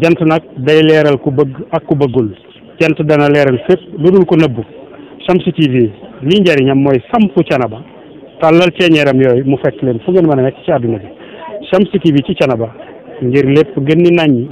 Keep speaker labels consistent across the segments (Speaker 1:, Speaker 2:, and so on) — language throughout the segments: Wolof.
Speaker 1: jant nag day leeral ku bëgg ak ku bëggul jant dana leeral fépp lu dul ko nëbbu Shamsu TV lii njëriñam mooy sampu canaba tàllal ceeñeeram yooyu mu fekk leen fu ngeen mën a nekk ci àdduna bi Shamsu TV ci canaba ngir lépp gën ni naññ.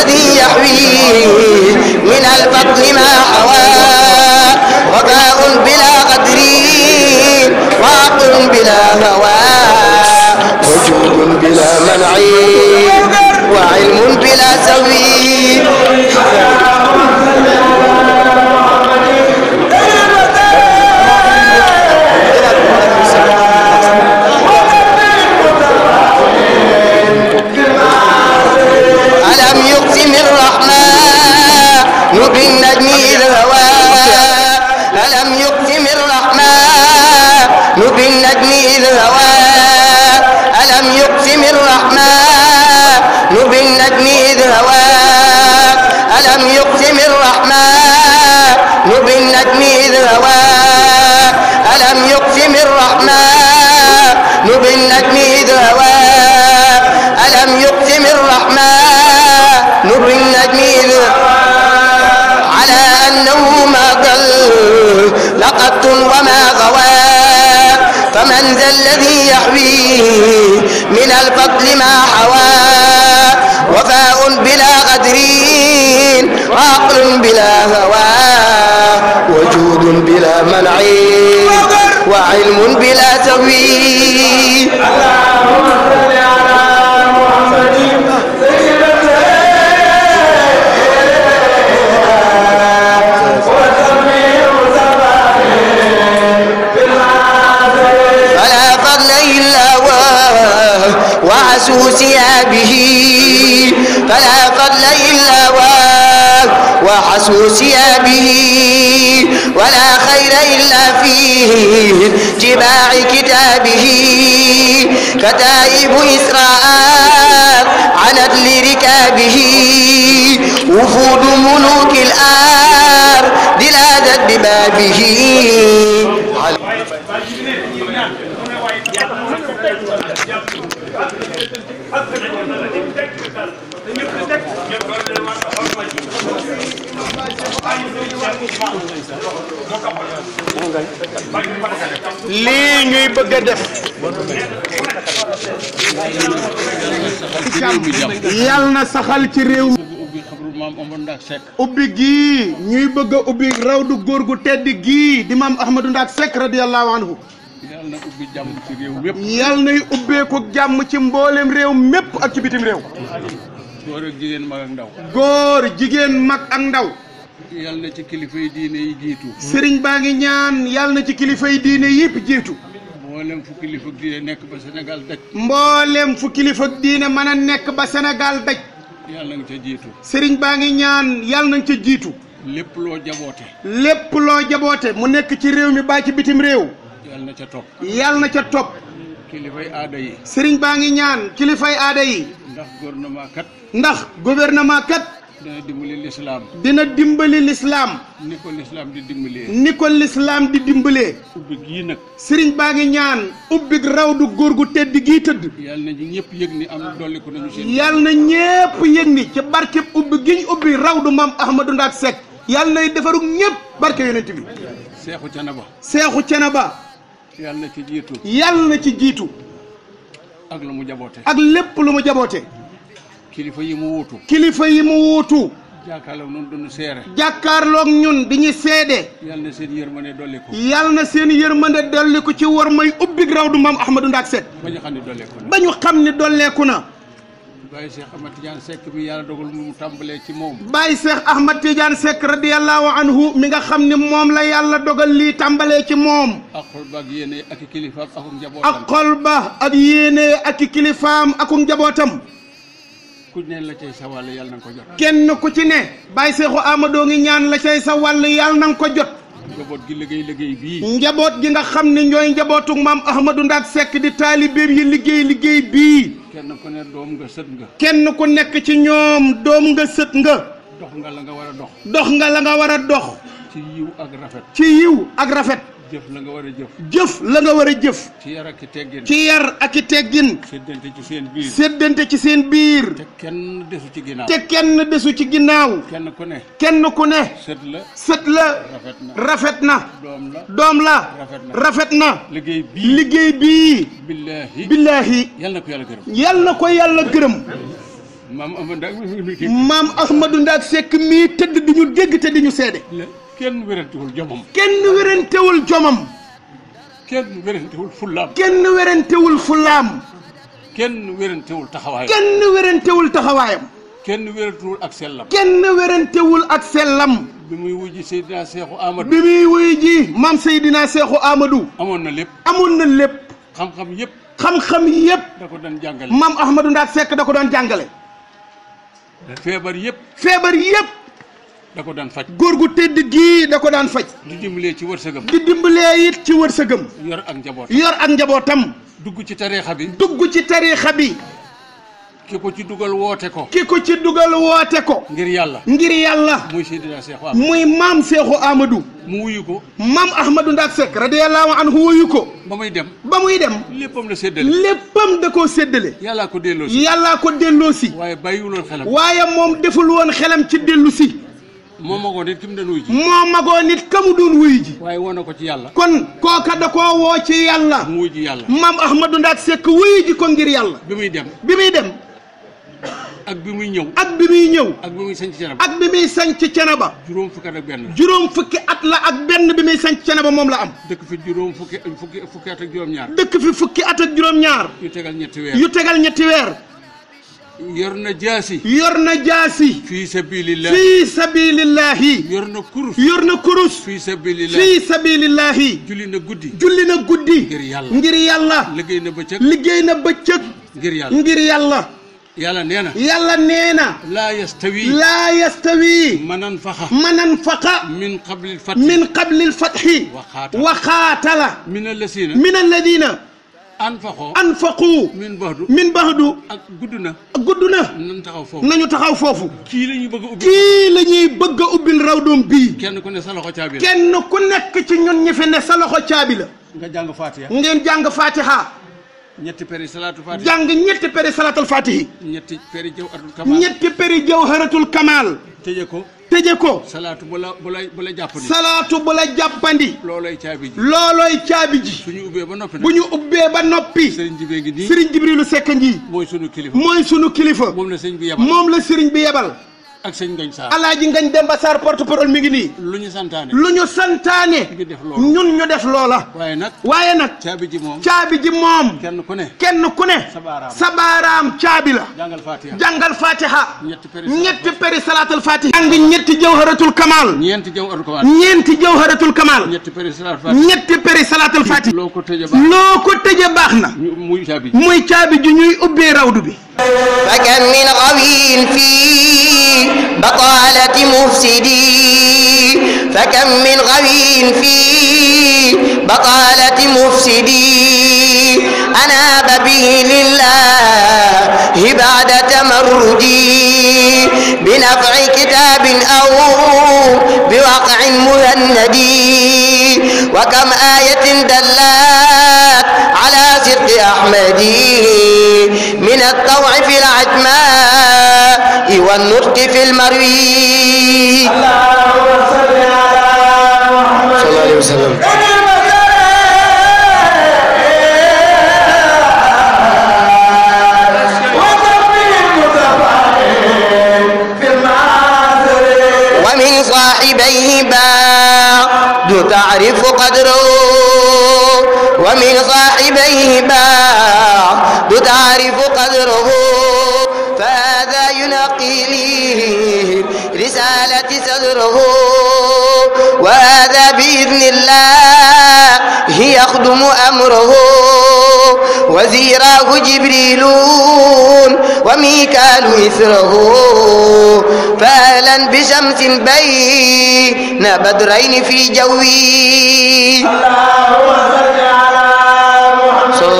Speaker 2: ¡Vaya! الذي يحويه من الفضل ما حوى وفاء بلا غدرين عقل بلا هوى وجود بلا منع وعلم بلا تغيير وحسوسها ثيابه فلا فضل إلا واه وحسوا به ولا خير إلا فيه جماع كتابه كتائب إسراء علت لركابه وفود ملوك الآر دلادت ببابه
Speaker 3: lii ñuy
Speaker 4: bëgg a def yal na saxal ci réew ubbi gii ñuy bëgg a ubbi rawdu góor gu tedd gii di maam ahmadou ndaak sekk radiyallahu anhu yal na ubbi jàmm ci yal ci ak ci bitim ak ndaw ak ndaw yal na ci kilifa yi diine yi jiitu. sëriñ baa ngi ñaan yal na ci kilifa yi diine yëpp jiitu.
Speaker 5: mboolem fu kilifa diine nekk ba senegal daj.
Speaker 4: mboolem fu kilifa diine mën a nekk ba Sénégal daj.
Speaker 5: yal na nga ca jiitu. sëriñ
Speaker 4: baa ngi ñaan yal na nga ca jiitu.
Speaker 5: lépp loo jaboote.
Speaker 4: lépp loo jaboote mu nekk ci réew mi baa ci bitim réew.
Speaker 5: yal na ca topp. yal na ca topp. aada yi. sëriñ baa ngi ñaan kilifay aada yi. ndax gouvernement kat. ndax gouvernement kat. dina dimbali lislaam dina dimbali lislaam ni ko lislaam di
Speaker 4: dimbalee ni nag sëriñ baa ngi ñaan ubbi rawdu góor gu tedd gii tëdd
Speaker 5: yàlla na ñëpp yëg ni am dolliku na
Speaker 4: ñëpp yëg ni ci barkeb ubbi gi ñu ubbi rawdu maam Ahmadou Ndaak Seck yàlla nay defaru ñëpp barke yonent bi seexu canaba seexu canaba
Speaker 5: yàlla na ci jiitu
Speaker 4: yàlla na ci jiitu
Speaker 5: ak lu mu jaboote
Speaker 4: ak lépp lu mu jaboote kilifa yi mu wuutu. kilifa yi mu wuutu.
Speaker 5: jàkkaarloog ñun duñu seere.
Speaker 4: ñun di ñu seede.
Speaker 5: yal na seen yërmande dolli ko. yal na seen yërmande dolli
Speaker 4: ko ci war may ubbi raw du maam Ahmadou Ndaak Seet. ba ñu xam ne dolleeku na. ba ñu xam ne dolleeku na.
Speaker 5: Baye Cheikh Ahmad Tidiane Seck mi yàlla dogal mu tàmbalee ci moom. ak Cheikh Ahmad
Speaker 4: Tidiane Seck radiyallahu anhu mi nga xam ne moom la yàlla dogal lii tàmbalee ci moom.
Speaker 5: ak xol ba ak yéene ak kilifaam ak
Speaker 4: njabootam. ak xol ba ak yéene ak kilifaam
Speaker 5: ku ne la cay sa wàll yàlla ko jot.
Speaker 4: kenn ku ci ne. bàyyi seexu Amadou ngi ñaan la cay sa wàll yàlla na ko jot. njaboot gi liggéey liggéey bii. njaboot gi nga xam ne ñooy njabootu maam Ahmadou Ndaak Seck di taalibeem yi liggéey liggéey bii. kenn
Speaker 5: ku ne doom nga sët nga.
Speaker 4: kenn ku nekk ci ñoom doom nga sët nga. dox nga la nga war a dox. dox nga la nga war a dox. ci
Speaker 5: yiw ak rafet.
Speaker 4: ci yiw ak rafet. jëf la nga war a jëf. jëf la nga war a jëf. ci yar ak i teggin. ci ak i teggin. séddante ci seen biir. séddante ci seen biir. te
Speaker 5: kenn desu ci ginnaaw. te kenn
Speaker 4: desu ci ginnaaw. kenn ku ne. kenn ku ne. sët la. sët la. rafet na doom la. doom la. rafet na liggéey bii. liggéey bii.
Speaker 5: billaahi. billaahi. yal na ko yàlla gërëm. yal na ko yàlla gërëm.
Speaker 4: maam Ahmadou Ndaak mii tëdd di ñu dégg te di ñu seede.
Speaker 5: kenn wérantewul jomam.
Speaker 4: kenn wérantewul jomam. kenn wérantewul fullaam. kenn wérantewul
Speaker 5: kenn wérantewul taxawaayam. kenn
Speaker 4: wérantewul taxawaayam.
Speaker 5: kenn wérantewul ak sellam. kenn
Speaker 4: wérantewul ak sellam. bi muy wuy ji
Speaker 5: Seydina Seexu Amadou. bi muy wuy
Speaker 4: ji maam Seydina Seexu Amadou. amoon na lépp. amoon na lépp. xam-xam yëpp. xam-xam yëpp.
Speaker 5: doon jàngale. maam Ahmadou
Speaker 4: Ndaat Seck da ko doon jàngale. feebar yëpp. feebar yëpp. da ko daan faj góor gu tëdd gii da ko daan faj di dimbalee ci wërsëgam di dimbalee it ci wërsëgam
Speaker 5: yor ak njabootam yor
Speaker 4: ak njabootam
Speaker 5: dugg ci tariixa bi
Speaker 4: dugg ci tariixa bi ki ko ci dugal woote ko ki ko ci dugal woote ko ngir yàlla ngir yàlla
Speaker 5: muy Seydina Seexu Amadou muy maam
Speaker 4: Seexu Amadou mu wuyu ko maam Ahmadou Ndaak Seck radiyallahu anhu wuyu ko ba muy dem ba muy dem léppam la séddale léppam da koo séddale
Speaker 5: yàllaa ko delloosi yàllaa ko
Speaker 4: delloosi waaye bàyyiwul woon xelam waaye moom deful woon xelam ci dellusi
Speaker 5: moom magoo nit ki mu doon wuy ji. moo
Speaker 4: nit ka mu wuy
Speaker 5: waaye woo na ko ci yàlla.
Speaker 4: kon kooka da koo woo ci yàlla. mu wuy ji yàlla. maam Ahmadou Ndaak Seck wuy ji ko ngir yàlla. bi muy dem bi muy dem. ak bi muy ñëw. ak bi muy ñëw.
Speaker 5: ak bi muy sañc Cenaba.
Speaker 4: ak bi muy sañc Cenaba.
Speaker 5: juróom fukki at ak benn. juróom
Speaker 4: fukki at la ak benn bi muy sañc Cenaba moom la am.
Speaker 5: dëkk fi juróom fukki fukki fukki at ak juróom ñaar.
Speaker 4: dëkk fukki at ak ñaar.
Speaker 5: yu tegal ñetti weer yu tegal ñetti weer. يرنا
Speaker 4: جاسي يرنا جاسي في
Speaker 5: سبيل الله في
Speaker 4: سبيل الله يرنا كروس يرنا كروس في
Speaker 5: سبيل الله في
Speaker 4: سبيل الله جلنا غودي جلنا غودي غير يالله غير يالله
Speaker 5: لغينا بچك
Speaker 4: لغينا بچك غير يالله غير يالله يلا نينا يلا
Speaker 5: نينا لا يستوي لا يستوي من انفق من انفق من قبل الفتح من قبل الفتح وخاتل وخاتل من الذين من الذين anfaqu anfaqu min baxdu min baxdu ak gudd na
Speaker 4: ak gudd na nañu
Speaker 5: taxaw foofu nañu taxaw foofu
Speaker 4: kii la ñuy bëgg a la ñuy bëgg a ubbil raw doom bii
Speaker 5: kenn ku ne sa loxo caabi la kenn
Speaker 4: ku nekk ci ñun ñi fi ne sa loxo caabi la
Speaker 5: nga jàng fatiha ngeen jàng fatiha ñetti peri salaatul fatihi jàng
Speaker 4: ñetti peri salaatul fatihi
Speaker 5: ñetti peri jawharatul
Speaker 4: kamal ñetti peri jawharatul kamal tëjee ko tëje ko.
Speaker 5: salaatu bu la bu la bu la
Speaker 4: jàppandi. salaatu bu jàppandi.
Speaker 5: loolooy caabi loolooy
Speaker 4: caabi ji. bu ñu ubbee ba noppi bu ñu ba noppi. Serigne Jibee ngi nii Serigne Jibrilu Seck ngi. mooy sunu kilifa mooy sunu kilifa. moom la sëriñ
Speaker 5: bi yebal moom la sëriñ bi yebal. ak sëñ Ngañ Sarr alaaji Ngañ
Speaker 4: Demba Sarr porte parole mi ngi nii. lu ñu santaane lu ñu santaane. ñu def loola ñun ñu def loola. waaye nag waaye nag. caabi ji moom caabi ji moom. kenn ku ne kenn ku ne. sabaaraam caabi la.
Speaker 5: jàngal Fatiha jàngal
Speaker 4: Fatiha. ñetti peri ñetti peri salaatul Fatiha. jàng ñetti jawharatul Kamal.
Speaker 5: ñeenti jawharatul Kamal. ñeenti jawharatul Kamal. ñetti peri salaatul Fatiha.
Speaker 4: ñetti peri salaatul Fatiha. loo ko tëjee baax na loo ko
Speaker 2: tëjee baax na. muy caabi ji muy caabi ji ñuy ubbee rawdu bi. فكم من غوي في بطالة مفسدي فكم من غوي في بطالة مفسدي أناب به لله بعد تمردي بنفع كتاب أو بوقع مهندي وكم آية دلال باسق أحمدي من الطوع في العجماء والنطق في المروي اللهم صل
Speaker 3: على محمد صلى الله عليه وسلم
Speaker 2: ومن صاحبيه بعد تعرف قدره عليهما تعرف قدره فهذا ينقي لي رسالة صدره وهذا بإذن الله يخدم أمره وزيره جبريل وميكال إثره فأهلا بشمس بين بدرين في جوي الله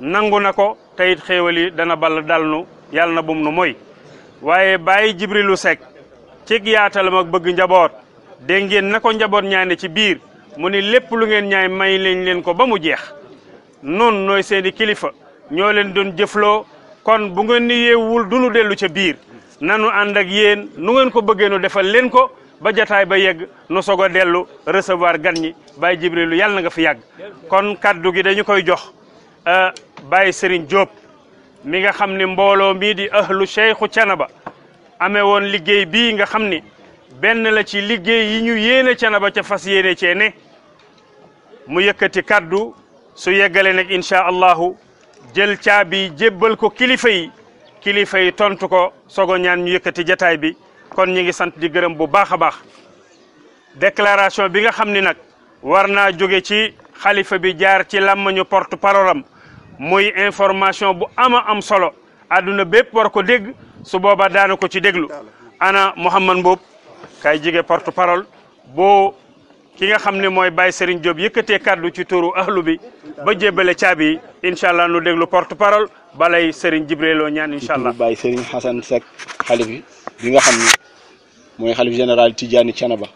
Speaker 1: nangu na ko teyit xéewal yi dana bal dal nu na bum nu moy waaye bàyyi jibrilu sek cig yaatalam ak bëgg njaboot dégg ngeen na ko njaboot ñaane ci biir mu ni lépp lu ngeen ñaay may lañ leen ko ba mu jeex noonu nooy seeni kilifa ñoo leen doon jëfloo kon bu ngeen ni yeewul du nu dellu ca biir nanu ànd ak yéen nu ngeen ko bëggee nu defal leen ko ba jataay ba yegg nu soog a dellu recevoir gan ñi bàyyi jibrilu yàlla na nga fi yàgg kon kaddu gi dañu koy jox Baye Serigne Diop mi nga xam ne mbooloo mii di ahlu Cheikhu Canaba amee woon liggéey bii nga xam ni benn la ci liggéey yi ñu yéene Canaba ca fas yéene cee mu yëkkati kaddu su yeggale nag incha allahu jël caabi jébbal ko kilifa yi kilifa yi tontu ko sogo ñaan ñu yëkkati jataay bi kon ñi ngi sant di gërëm bu baax a baax déclaration bi nga xam ni nag war naa jóge ci xalifa bi jaar ci làmmañu porte parole muy information bu ama am solo àdduna bépp war ko dégg su boobaa daana ko ci déglu ana Mouhamad Mboob kay jige porte parole boo ki nga xam ne mooy Baye Serigne Diop yëkkatee kàddu ci turu ahlu bi ba jébbale caabi yi incha
Speaker 4: allah nu déglu porte parole balay Serigne Jibrilo ñaan incha allah. Baye Serigne Hassan Seck xalif bi bi nga xam ne mooy xalif général Tidjani Canaba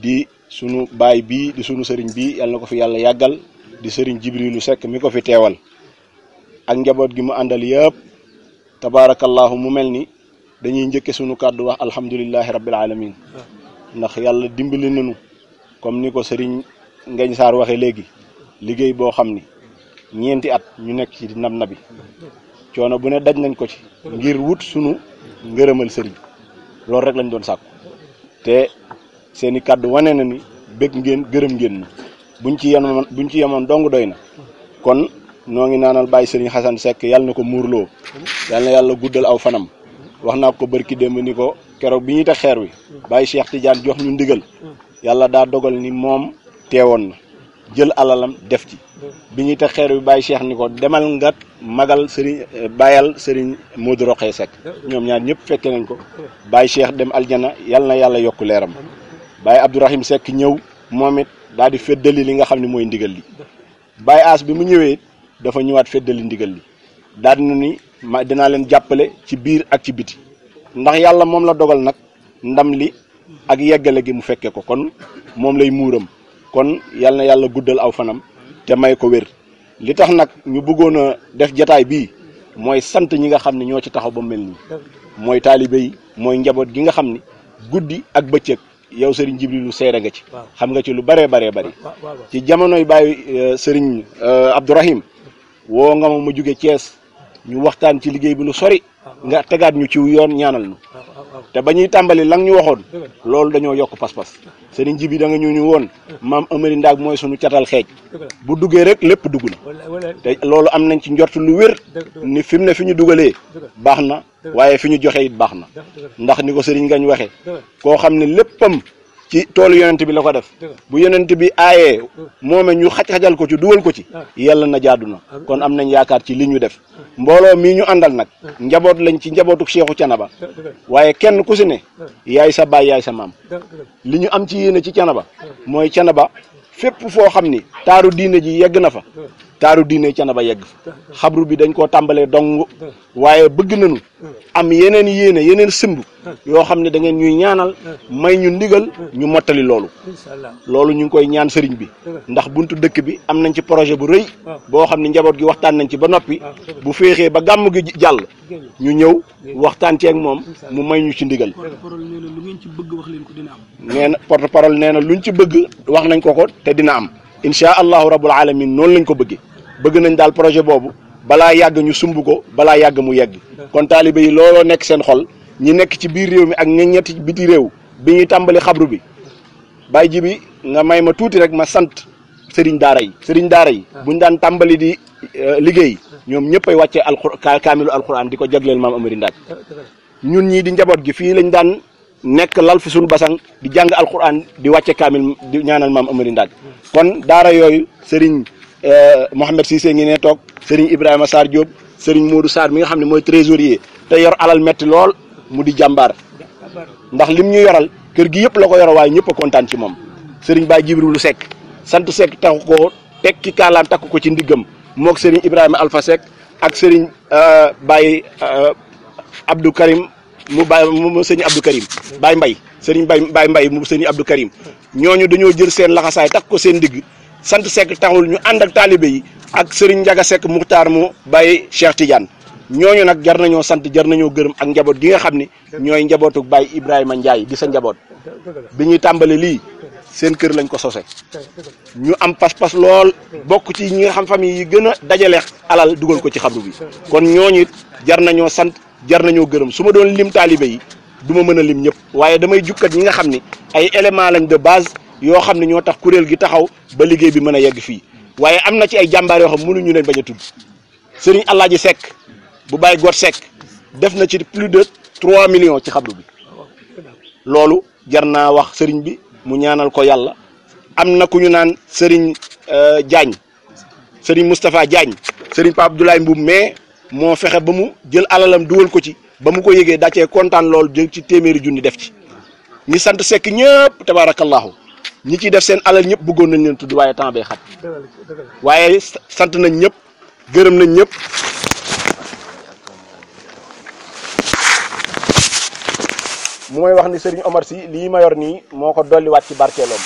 Speaker 4: di sunu baay bi di sunu Serigne bi yal na ko fi yàlla yàggal. di serigne jibrilu sek mi ko fi tewal ak njabot gi mu andal yeb tabarakallah mu melni dañuy ñëkke sunu kaddu wax alhamdullilah rabbil alamin ndax yalla dimbali nañu comme niko serigne sëriñ sar waxe legi liggéey bo xamni ñenti at ñu nekk ci nam nabi ciono bu ne daj nañ ko ci ngir wut sunu ngërëmal serigne lool rek lañ doon sakku té seeni kaddu wané na ni bëgg ngeen gëreem ngeen buñ ci yemoon buñ ci yemoon dong doy na kon noo ngi naanal bàyyi sëriñ Xasan sekk yàlla na ko muurloo yàlla na yàlla guddal aw fanam wax naa ko bërki démb ni ko keroog bi ñuy teg xeer wi bàyyi Cheikh Tidiane jox ñu ndigal yàlla daa dogal ni moom teewoon na jël alalam def ci bi ñuy te xeer wi bàyyi Cheikh ni ko demal nga magal sëriñ eh, bàyyal sëriñ Modou Rokhaya Seck ñoom ñaar ñëpp fekke nañ ko bàyyi Cheikh dem aljana yàlla yàlla yokk leeram bàyyi Abdourahim Seck ñëw moom daal di feddali li nga xam ne mooy ndigal li Baye Ass bi mu ñëwee dafa ñëwaat feddali ndigal li daal na ni ma dinaa leen jàppale ci biir ak ci biti ndax yàlla moom la dogal nag ndam li ak yeggale gi mu fekkee ko kon moom lay muuram kon yàlla na yàlla guddal aw fanam te may ko wér li tax nag ñu bëggoon a def jataay bii mooy sant ñi nga xam ne ñoo ci taxaw ba mel nii mooy taalibe yi mooy njaboot gi nga xam ni guddi ak bëccëg yow sëriñ Jibrilu seere nga ci xam nga ci lu bëree baree bëri ci jamonoy bàyyi euh, sëriñ euh, Abdourahim woo nga ma mu jóge Thiès ñu waxtaan ci liggéey bi lu sori nga tegaat ñu ci yoon ñaanal ñu te bañuy tambali lang ñu waxoon loolu dañoo yokk pas-pas sëriñ jibi da nga ñu ñu woon mam amari ndaag moy suñu ciatal xeej bu duggé rek lépp dugg na te loolu am nañ ci njort lu wër ni fi ne fi ñu dugalee baax na it ndax niko ko sëriñ ngañ waxe koo ci toolu yonent bi la ko def bu yonent bi aayee moome ñu xaj-xajal ko ci dugal ko ci ah. yàlla na jaadu na kon am nañ yaakaar ci li ñu def mbooloo mi ñu àndal nag ah. njaboot lañ ci njabootu Seexu Canaba ah. waaye kenn ku si ne yaay sa baay yaay sa maam li ñu am ci yéene ci Canaba mooy Canaba fépp foo xam ni taaru diine ji yegg na fa taaru diine ba yegg xabru bi dañ koo tàmbalee dong waaye bëgg nañu am yeneen yéene yeneen sëmb yoo xam ne da ngeen ñuy ñaanal may ñu ndigal ñu mottali loolu loolu ñu ngi koy ñaan sëriñ bi ndax buntu dëkk bi am nañ ci projet bu rëy boo xam ne njaboot gi waxtaan nañ ci ba noppi bu féexee ba gàmm gi jàll ñu ñëw waxtaan ceeg moom mu may ñu ci ndigal nee na porte parole nee lu ñu ci bëgg wax nañ ko ko te dina am incha allahu rabbul alamin noonu lañ ko bëggee bëgg nañ daal projet boobu balaa yàgg ñu sumb ko balaa yàgg mu yegg kon taalibe yi looloo nekk seen xol ñi nekk ci biir réew mi ak ñi ñetti biti réew bi ñuy tàmbali xabru bi bàyyi ji bi nga may ma tuuti rek ma sant sëriñ daara yi sëriñ daara yi ah. buñ daan tàmbali di euh, liggéey ñoom ñëpp ay wàccee alxuraan kaamilu alxuraan di ko jagleel maam Amari Ndaaj ñun ñii di njaboot gi fii lañ daan nekk lal fi suñu basang di jàng alxuraan di wàcce kaamil di ñaanal maam Amari Ndaaj kon Eh, Mohamed Cissé ngi né tok Serigne Ibrahima Sarr Diop Serigne Modou Sarr mi nga xamné moy trésorier té yor alal metti lol mu di jambar ndax lim ñu yoral kër gi yépp la ko yoro waaye ñëpp a ci mom Serigne Baye Djibrilu Seck sant Seck tax ko tekki kalam tak ko ci ndigam mok Serigne Ibrahima Alpha ak Serigne euh, Baye euh, Abdou Karim mu Baye mu Serigne Abdou Karim Baye Mbaye Serigne Baye Baye Mbaye mu Serigne Abdou Karim ñoñu dañu jël seen laxasay tak ko seen sant Seck taxul ñu ànd ak taalibe yi ak Serigne Ndiaga Seck Muxtaar mu bàyyi Cheikh Tidiane ñooñu nag jar nañoo sant jar nañoo gërëm ak njaboot gi nga xam ni ñooy njabootuk Baye Ibrahima Ndiaye di sa njaboot bi ñuy tàmbale lii seen kër lañ ko sose ñu am pas-pas lool bokk ci ñi nga xam famille yi gën a dajale alal dugal ko ci xabru bi kon ñooñu jar nañoo sant jar nañoo gërëm su ma doon lim taalibe yi du ma mën a lim ñëpp waaye damay jukkat ñi nga xam ni ay élément lañ de base yoo xam ne ñoo tax kuréel gi taxaw ba liggéey bi mën a yegg fii waaye am na ci ay jàmbaar yoo xam mënuñu leen bañ a tudd sëriñ Alaaji sekk bu bàyyi got Seck def na ci plus de trois millions ci xabru bi loolu jar naa wax sëriñ bi mu ñaanal ko yàlla am na ku ñu naan sëriñ euh, Diagne sëriñ Moustapha Diagne sëriñ Pape Abdoulaye Mboum mais moo fexe ba mu jël alalam duwal ko ci ba mu ko yëgee daa cee kontaan lool jël ci téeméeri junni def ci ñi sant Seck ñëpp ñi ci def seen alal ñep bëggoon nañ leen tudd waye tan bay xat waye sant nañ ñep gëreem nañ ñep mu may wax ni Serigne Omar si li ma yor ni moko doli wat ci barkelom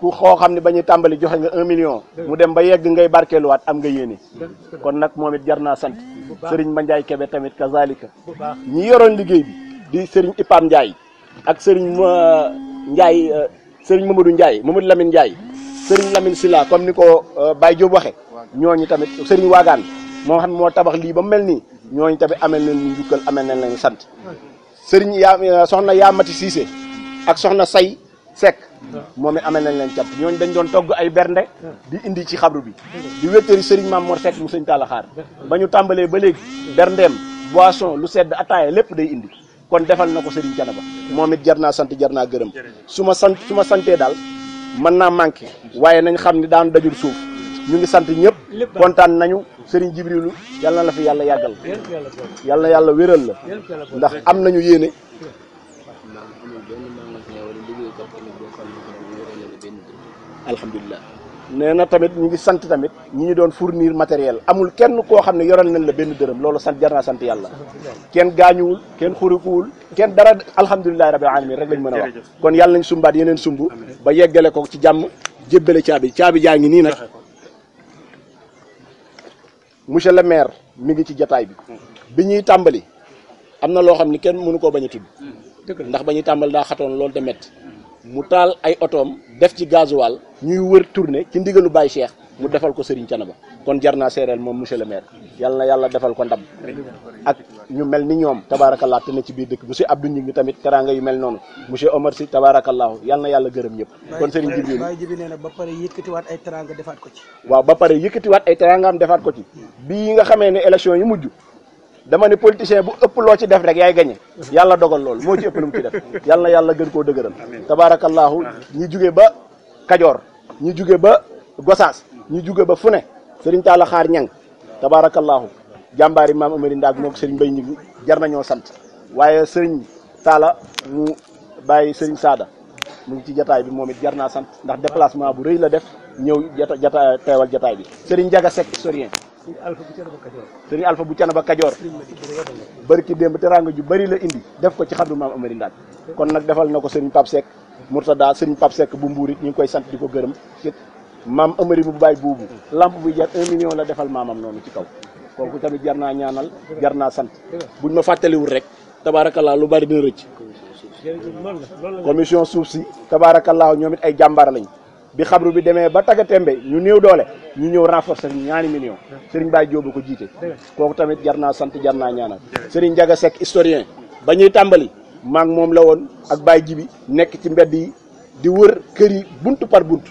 Speaker 4: ku xo xamni bañu ba joxe nga 1 million mu dem ba yegg ngay wat am nga yene kon nak momit jarna sant Serigne mandjay Kebe tamit kazalika ñi yoron liggéey bi di Serigne Ipam ndjay ak Serigne euh, ndjay euh, sëriñ Mamadou Ndiaye Mamadou Lamine Ndiaye sëriñ Lamine Silla comme ni ko euh, Baye Diop waxe ñooñu tamit sëriñ waagaan moo xam moo tabax lii ba mel nii ñooñu tamit amel nañ ñu njukkal amee nañ lañ sant sëriñ yaa euh, soxna Yaamati Cissé ak soxna Say Seck moom it amel nañ leen cant ñooñu dañ doon togg ay bernde di indi ci xabru bi di wéttari sëriñ Maam Mor Seck mu sëñ Talla Xaar ba ñu tàmbalee ba léegi berndeem boisson lu sedd ataaya lépp day indi kon defal na ko Serigne Thiénaba moom it jar naa sant jar naa gërëm su ma sant su ma santee daal mën naa manqué waaye nañ xam ni daan dajul suuf ñu ngi sant ñëpp kontaan nañu sëriñ Jibrilu yal na la fi yàlla yàggal yàlla yàlla wéral la ndax am na nañu yéene alhamdulilah nee na tamit ñu ngi sant tamit ñi ngi doon fournir matériel amul kenn koo xam ne yoral nañ la benn dërëm loolu sant jar sant yàlla kenn gaañuwul kenn xurikuwul kenn dara alhamdulilahi rabbil alamin rek lañ mën a wax kon yàlla nañ sumbaat yeneen sumb ba yeggale ko ci jàmm jébbale caabi caabi jaa ngi nii nag monsieur le maire mi ngi ci jataay bi bi ñuy tàmbali am na loo xam ni kenn mënu koo bañ a
Speaker 3: tudd
Speaker 4: ndax ba ñuy tàmbali daa xatoon loolu te métti mu taal ay otoom def ci gasoil ñuy wër tournée ci ndigalu Baye Cheikh mu defal ko Serigne Thiénaba kon jar naa seereel moom monsieur le maire yàlla na yàlla defal ko ndam ak ñu mel ni ñoom tabaarakallaa te ne ci biir dëkk monsieur Abdou Ngingue tamit teraanga yu mel noonu monsieur Omar Sy tabaarakallaahu yàlla na yàlla gërëm ñëpp kon Serigne Jibril Baye Jibi nee na ba pare yëkkatiwaat ay teraanga defaat ko ci waaw ba pare yëkkatiwaat ay teraangaam defaat ko ci bii nga xamee ne élection yi mujj dama ne politicien bu ëpp loo ci def rek yaay gañe yàlla dogal loolu moo ci ëpp lu mu ci def yàlla na yàlla gën koo dëgëral tabaarakallaahu ñi juge ba Kajoor ñi juge ba Gosaas ñi juge ba fu ne sëriñ Talla Xaar ñang tabaarakallaahu jàmbaari maam Amari Ndaag moo ko sëriñ Mbay ñi jar nañoo sant waaye sëriñ Talla mu bàyyi sëriñ Saada mu ngi ci jataay bi moom it jar naa sant ndax déplacement bu rëy la def ñëw jata jata teewal jataay bi sëriñ Njaga Sekk sëriñ alpha bu canaba kajoor bari ki démb teraanga ju bari la indi def ko ci xaddu mam amari ndat kon nak defal nako ko pap sek murtada sëriñ pap sek bu mburi ñing koy sante di ko ci mam amari bu bay bubu lamp bu jar 1 million la defal mamam noonu ci kaw koku tamit jarna ñaanal jarna sante buñ ma rek tabarakallah lu bari recc commission si ay jambar lañu bi xabru bi démé ba taga tembe ñu néew doolé ñu ñëw renforcer ñaani million Serigne Baye jobu ko jité koku tamit jarna sante jarna jar naa ñaanal Serigne Ndiaga Seck historien ba ñuy tàmbali maag moom la won ak Baye Jibi nek ci mbéd yi di wër kër yi buntu par buntu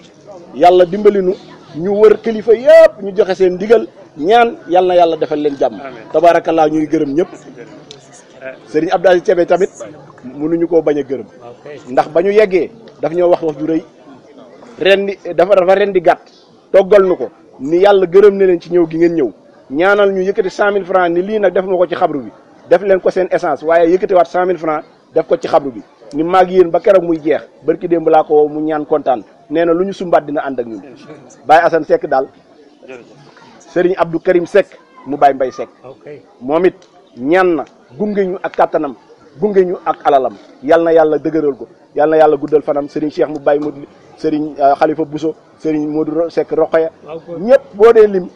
Speaker 4: yalla dimbali nu ñu wër kalifa yépp ñu joxé seen digël ñaan yalla yalla yàlla defal leen jamm tabarakallah ñuy gërëm ñëpp eh. Serigne abdallah Aziz tamit mënuñu ko baña
Speaker 3: a ndax
Speaker 4: bañu ñu daf ñoo wax wax ju reuy ren di dafa dafa ren di gàtt toggal nu ko ni yàlla gërëm na leen ci ñëw gi ngeen ñëw ñaanal ñu yëkkati cent mille francs ni lii nag def ma ko ci xabru bi def leen ko seen essence waaye yëkkatiwaat cent mille francs def ko ci xabru bi ni maag yéen ba keroog muy jeex barki démb laa ko mu ñaan kontaan nee na lu ñu sumbaat dina ànd ak ñun Baye Assane Seck daal Serigne Abdou Karim sekk mu Baye Mbaye Seck moom it ñaan na gunge ñu ak kattanam gunge ñu ak alalam yal na yàlla dëgëral ko yal na yàlla guddal fanam Serigne Cheikh mu bàyyi mu Serigne euh, Khalifa Bousso Serigne Modou Seck Rokhaya ñëpp boo dee lim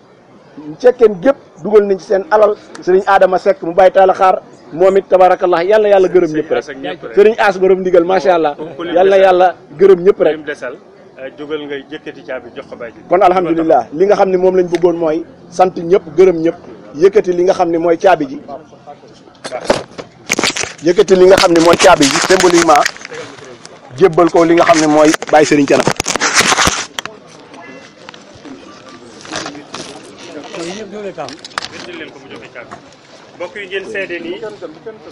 Speaker 4: cekkeen gépp dugal nañ ci seen alal Serigne Adama sekk mu bàyyi taala xaar moom it tabaarakallah yal na yàlla gërëm ñëpp rek Serigne As borom ndigal macha allah yal na yàlla gërëm ñëpp rek.
Speaker 1: jógal nga yëkkati caabi jox ko kon alhamdulilah
Speaker 4: li nga xam ne moom lañ bëggoon mooy sant ñëpp gërëm ñëpp yëkkati li nga xam ne mooy caabi ji. yëkkati li nga xam ne mooy caabi yi symboliquement jébbal ko li nga xam ne mooy bay Serigne
Speaker 1: Thiénaba mbokk yi ngeen seede nii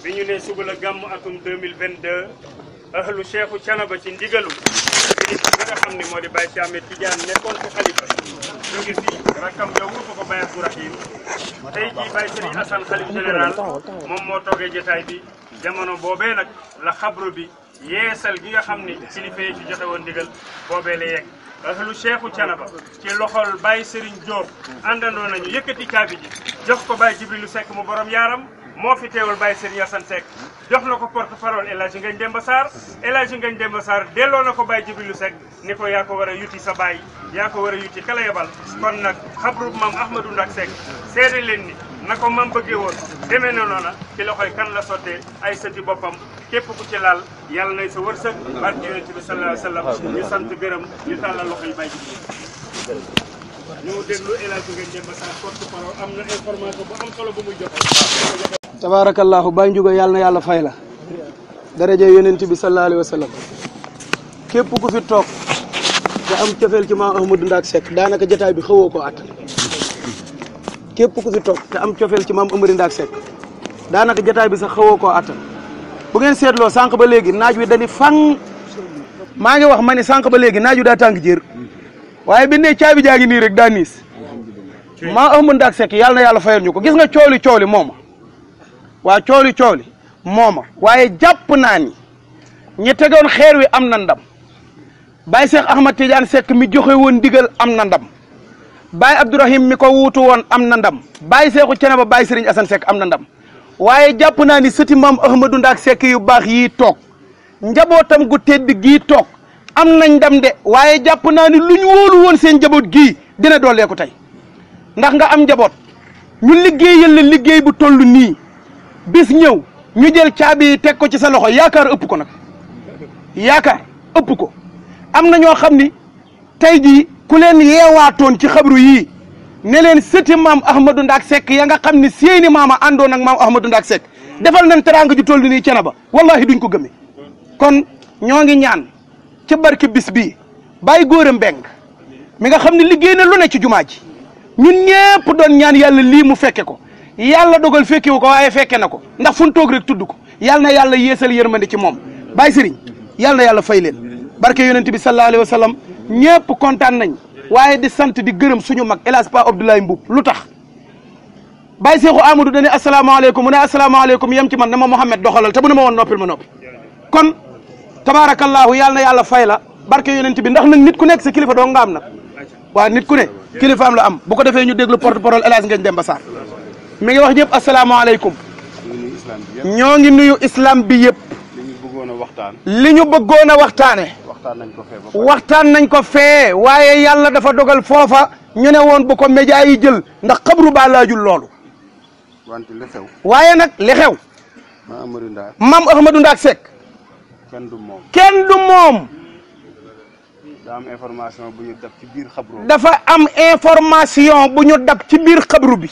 Speaker 1: bi ñu ne suba la gàmm atum 2022 ahlu Cheikhu Thiénaba ci ndigalu ministre bi nga xam ne moo di Baye Sy Ahmed moom moo toogee jotaay bi jamono boobee nag la xabru bi yeesal gi nga xam ni kilifa yi ci joxe woon ndigal boobee la yegg ahlu cheikhu canaba ci loxol Baye Serigne Diop àndandoo nañu yëkkati caabi ji jox ko Baye lu sekk mu borom yaaram moo fi bàyyi Baye Serigne Yassane Seck jox na ko porte parole El ngañ Ngagne Demba Sarr El Hadj Ngagne Demba Sarr delloo na ko Baye Jibrilu Seck ni ko yaa ko war a yuti sa baay yaa ko war a yuti kala yebal kon nag xabru maam Ahmadou Ndak na ko mam bëggee woon demee na noona ci loxoy kan la sottee ay sëti boppam képp ku ci laal yàlla nay sa wërsëg barke yonent bi loxo yi bàyyi ñu déglu El Hadj
Speaker 4: Ndeye na yàlla fay la. daraja yeneen bi sallallahu alayhi wa sallam. képp ku fi toog. te am cofeel ci maa Ahmadou Ndack Seck daanaka jotaay bi xawoo ko at. képp ku si toog te am cofeel ci maam Amary Ndack Seck daanaka jataay bi sax xawoo koo attan bu ngeen seetloo sànq ba léegi naaj wi dañuy fang maa ngi wax ma ne sànq ba léegi naaj wi daa tàng jër waaye bi ne caabi jaa ngi nii rek daa niis maam Amary Ndack Seck yàlla na yàlla fayal ñu ko gis nga cooli cooli mooma waa cooli cooli mooma waaye jàpp naa ni ñi tegoon xeer wi am na ndam Baye Cheikh Ahmad Tidiane Seck mi joxe woon ndigal am na ndam Baye Abdourahim mi ko wuutu woon am na ndam Baye Seexu Ceneba Baye Serigne Assane Seck am na ndam waaye jàpp naa ni sëti maam Ahmadou Ndaak Seck yu baax yi toog njabootam gu tedd gii toog am nañ ndam de waaye jàpp naa ni lu ñu woon seen njaboot gii dina dooleeku tey ndax nga am njaboot ñu liggéeyal le liggéey bu toll nii bis ñëw ñu jël caabi yi teg ko ci sa loxo yaakaar ëpp ko nag yaakaar ëpp ko am na ñoo xam ni tey ji ku leen yeewaatoon ci xabru yii ne leen sëti maam Ahmadou Ndaak sekk ya nga xam ne seeni maama àndoon ak maam Ahmadou Ndaak Seck defal nañ teraanga ju toll nii cene ba wallahi duñ ko gëme kon ñoo ngi ñaan ca barke bis bii bàyyi góor a mbeng mi nga xam ni liggéey na lu ne ci jumaa ji ñun ñëpp doon ñaan yàlla lii mu fekke ko yàlla dogal fekke ko waaye fekke na ko ndax fu toog rek tudd ko yàlla na yàlla yeesal yërmande ci moom bàyyi sëriñ yalla na yàlla fay leen barke yonent bi sallallahu alayhi wa ñëpp kontaan nañ waaye di sant di gërëm suñu mag El Hadj Pa Abdoulaye Mboub lu tax Baye Seexu Amadou dañuy asalaamaaleykum mu ne asalaamaaleykum yem ci man ne ma Mouhamed doxalal te bu ne ma woon noppil ma noppi kon tabaarakallaahu yàlla na yàlla fay la barke yonent bi ndax nag nit ku nekk si kilifa doo nga am na waa nit ku ne kilifa am la am bu ko defee ñu déglu porte parole El Hadj Ngagne Demba Sarr mi ngi wax ñëpp asalaamaaleykum ñoo ngi nuyu islam bi yëpp. bëggoon a waxtaan. li ñu bëggoon a waxtaane. waxtaan nañ ko fee waxtaan nañ ko fee waaye yàlla dafa dogal foofa ñu ne woon bu ko média yi jël ndax xabru baa laajul loolu. wante li xew. waaye nag li xew. maam Amadou Ndaak. maam Ahmadou Ndaak Seck. kenn du moom kenn du moom. daa am information bu ñu dab ci biir xabru. dafa am information bu ñu dab ci biir xabru bi.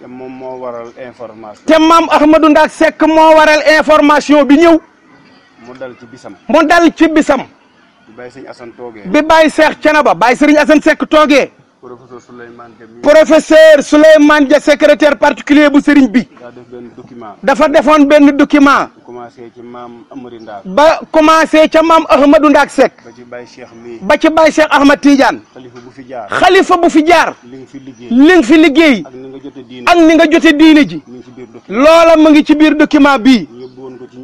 Speaker 4: te moom moo waral information. te maam Ahmadou Ndaak Seck moo waral information bi ñëw. mu dal ci bisam bi bay sëriñ Assane toogee bi bàyyi Cheikh Thiénaba bàyyi sëriñ Assane sek toge professeur souleyman Dia secrétaire particulier bu serigne bi dafa defone ben document ba commencé ci mam Ahmadou ndak sek ba ci bay Cheikh Ahmad Tidiane khalifa bu fi jaar ling fi jaar ak ni nga jotté diine ji loola mo ngi ci bir document bi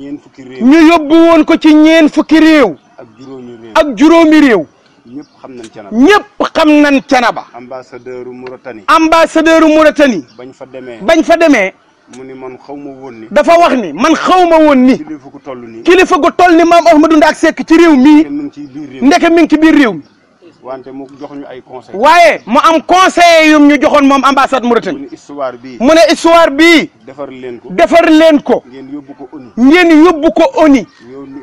Speaker 4: ñeen fukki réew ñu yóbbu woon ko ci ñeen fukki réew. ak juróomi réew ak juróomi réew.
Speaker 2: ñëpp xam nañ Canaba ñëpp xam nañ Canaba.
Speaker 4: ambassadeur Mauritanie. ambassadeur Mauritanie. bañ fa demee bañ fa demee. mu ni man xaw ma woon ni. dafa wax ni man xaw ma woon ni. kilifa gu toll ni kilifa gu toll ni maam Ahmadou Ndaak Seck ci réew mii. ndeke mi ngi ci biir réew mi. wante mu jox ay conseil waaye mu am conseil yum ñu joxoon moom ambassade Mauritanie. mu ne histoire bii ne histoire bii. defar leen ko defar leen ko. ngeen yóbbu ko ONU. ngeen yóbbu ko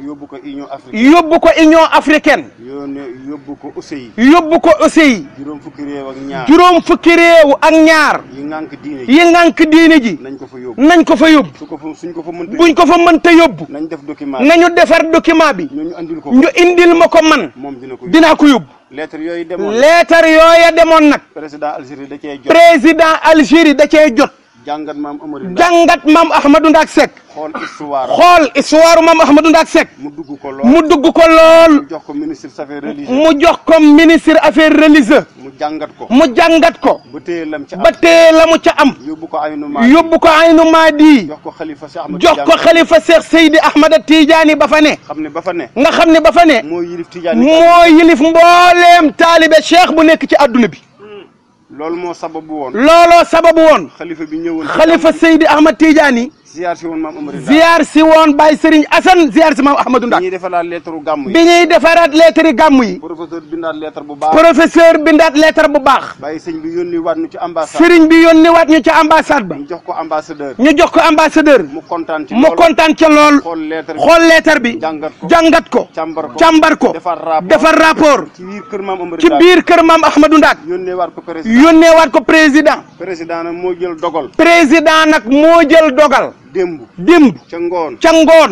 Speaker 4: yóbbu ko Union africaine. yóbbu ko Union africaine. yóbbu ko OCI. yóbbu ko OCI. juróom fukki réew ak ñaar juróom fukki réew ak ñaar. yi ngànk diine ji yi ngànk diine ji. nañ ko fa yóbbu nañ ko fa yóbbu. suñ ko fa mënta buñ ko fa mënta yóbbu. nañ def document nañu defar document bi. ñu indil ma ko man. moom dina ko yóbbu. leetar yooyu demoon leetar demoon nag. président Algérie da cee jot président Algérie da cee jot. jàngat maam Amary Ndak jàngat maam Ahmadou Ndak Seck. xool histoire xool histoire maam Ahmadou Ndak Seck. mu dugg ko lool mu dugg ko lool. jox ko ministre affaire religieuse mu jox ko ministre affaire religieuse. mu jàngat ko mu jàngat ko. ba téye lam ca am ba téye ca am. yóbbu ko Aynu Maadi yóbbu ko Aynu Maadi. jox ko xalifa Cheikh Ahmad jox ko xalifa Cheikh Seydi Ahmad Tidiane ba fa ne. xam ne ba fa ne. nga xam ne ba fa ne. moo yilif Tidiane moo yilif mbooleem taalibe Cheikh bu nekk ci adduna bi. loolu moo sababu woon. looloo sababu woon. xalifa bi ñëwoon xalifa Seydi Ahmad Tidiane yi ziar si woon maam Amadou Ndak ziar si woon Baye Serigne Assane ziar si maam Amadou Ndak. bi ñuy defaraat lettre gàmm yi bi ñuy defaraat lettre gàmm yi. professeur bindaat lettre bu baax professeur bindaat lettre bu baax. Baye Serigne bi yónni waat ñu ci ambassade. Serigne bi yónni waat ñu ci ambassade ba. ñu jox ko ambassadeur. ñu jox ko ambassadeur. mu kontaan ci lool mu kontaan ca lool. xool lettre bi xool jàngat ko jàngat ko. càmbar ko càmbar ko. defar rapport defar rapport. ci kër maam Amadou Ndak ci biir kër maam Amadou yónnee waat ko président yónnee waat ko président. président nag moo jël dogal. président nag moo jël dogal démb démb ca ngoon ca ngoon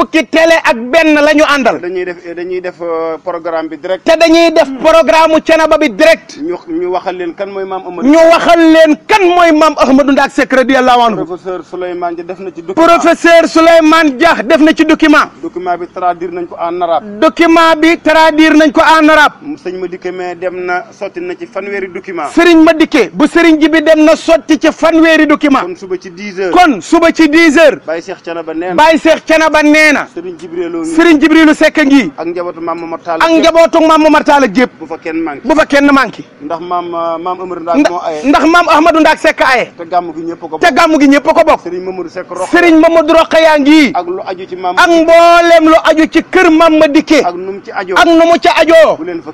Speaker 4: fukki télé ak benn la ñu àndal. dañuy def eh, dañuy def euh, programme bi direct. te dañuy def programme mu Thiénaba bi ñu ñu waxal leen kan mooy maam Ahmadou. ñu waxal kan mooy maam Ahmadou Ndack Seck radiyallahu anhu. professeur Souleymane Dia def na ci document. professeur Souleymane Dia def na ci document. document bi traduire nañ ko en arabe. document bi traduire nañ ko en arabe. sëñ Madické mais dem na sotti na ci fanweeri document. Serigne Madické bu Serigne ji bi dem na sotti ci fanweeri document. kon suba ci 10 heures. ci 10 heures. Baye Cheikh Thiénaba nee na Baye Cheikh Thiénaba nee na Serigne Jibrilu Serigne Jibrilu Seck ngi ak njabootu maam Momar Tall ak njabootu maam Momar Tall ak gépp bu fa kenn manqué bu fa kenn manqué ndax maam maam Amar Ndaak moo aye ndax maam Ahmadou Ndaak Seck aye te gàmm gi ñëpp ko bokk te gàmm gi ñëpp ko bokk Rox Serigne ngi ak lu aju lu aju ci kër maam ma dikkee ak nu mu ci ajoo bu leen lu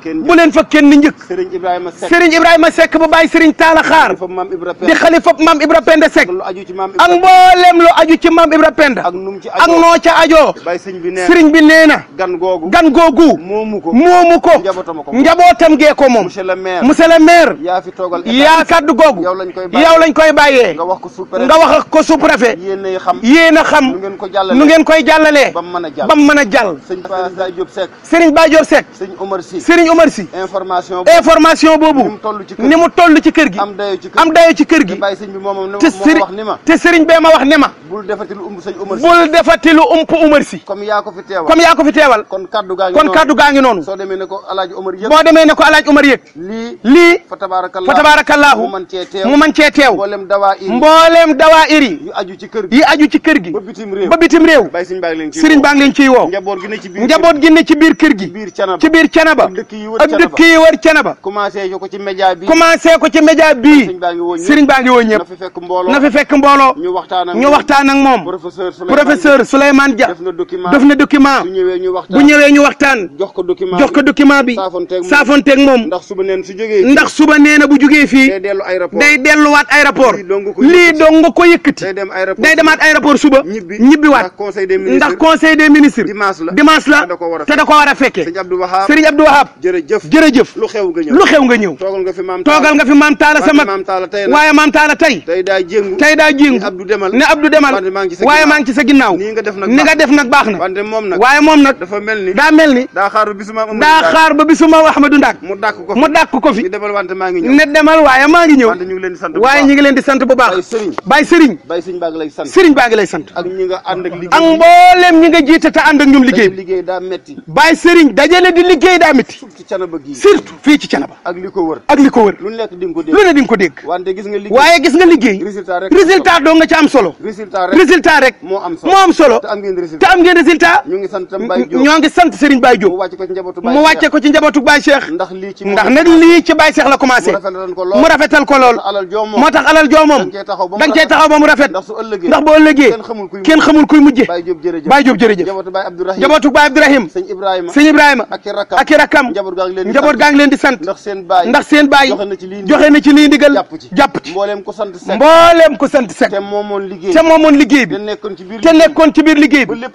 Speaker 4: aju ci maam Ibra Penda ak noo ca ajoo ko sëriñ bi nee na gan googu gan googu moomu ko moomu gee ko moom monsieur le maire yaa fi googu yow lañ koy bàyyee nga wax ko sous-préfet yéen a xam nu koy jàllalee ba mu mën a jàll sëriñ Ba Diop Seck sëriñ Omar information boobu ni mu toll ci kër gi am dayo ci kër gi te sëriñ bee ma wax ne ma bul defati lu ump ump mbër si comme yaa ko fi teewal comme yaa ko fi teewal kon kaddu gaa ngi kon kaddu gaa ngi noonu soo demee ne ko alaaj Omar yëg lii lii fa mu mën cee teew mu mën iri yi aju ci kër gi ba bitim réew ba bitim réew sëriñ woo njaboot gi ne ci biir kër gi ci biir canaba ak dëkk yi canaba commencé ko ci média bi commencé ko ci média na fi fekk mbooloo ñu waxtaan moom professeur Souleymane Dia def na document bu ñëwee ñu waxtaan jox ko document bi saafonteeg moom ndax suba ndax suba nee na bu jógee fi day wat aéroport Li dong nga ko yëkëti day demaat aéroport suba wat ndax conseil des ministres dimanche la té da ko wara a serigne Abdou Wahab jëf lu xew nga ñëw togal nga fi sama waye mam mag tay tay da tey tay da jéngu ne Abdou demal waye maa ngi ci sa ginnaw ni nga def nag baax na wante moom nag waaye moom nag dafa mel ni daa mel ni daa xaar ba bisuma mu dàkk ko mu dàkk ko ne demal waaye maa ñëw waaye ñu leen di sant bu baax Baye Serigne Baye Serigne lay sant Serigne baa ngi lay sant ak ñi nga ànd ak liggéey ak mboolem ñi nga di liggéey daa metti surtout fii ci Canaba ak li ko wër lu ne di ko dégg waaye gis nga liggéey résultat doo nga ci am solo am ngeen résultat ñu ngi sant Baye Diop ñoo ngi sant Serigne Baye Diop mu wàcce ko ci njabootu Baye Cheikh ndax lii ci Baye Cheikh la commencé mu rafetal ko lool moo tax alal joo moom da nga cey taxaw ba mu rafet ndax bu ëllëgee kenn xamul kuy mujje Baye Diop jërëjëf njabootu Baye Abdourahim sëñ Ibrahima ak i rakkam njaboot gaa ngi leen di sant ndax seen Baye joxe na ci lii ndigal jàpp ci mbooleem ku sant Seck te moomoon liggéey bi te nekkoon ci biir liggéey bi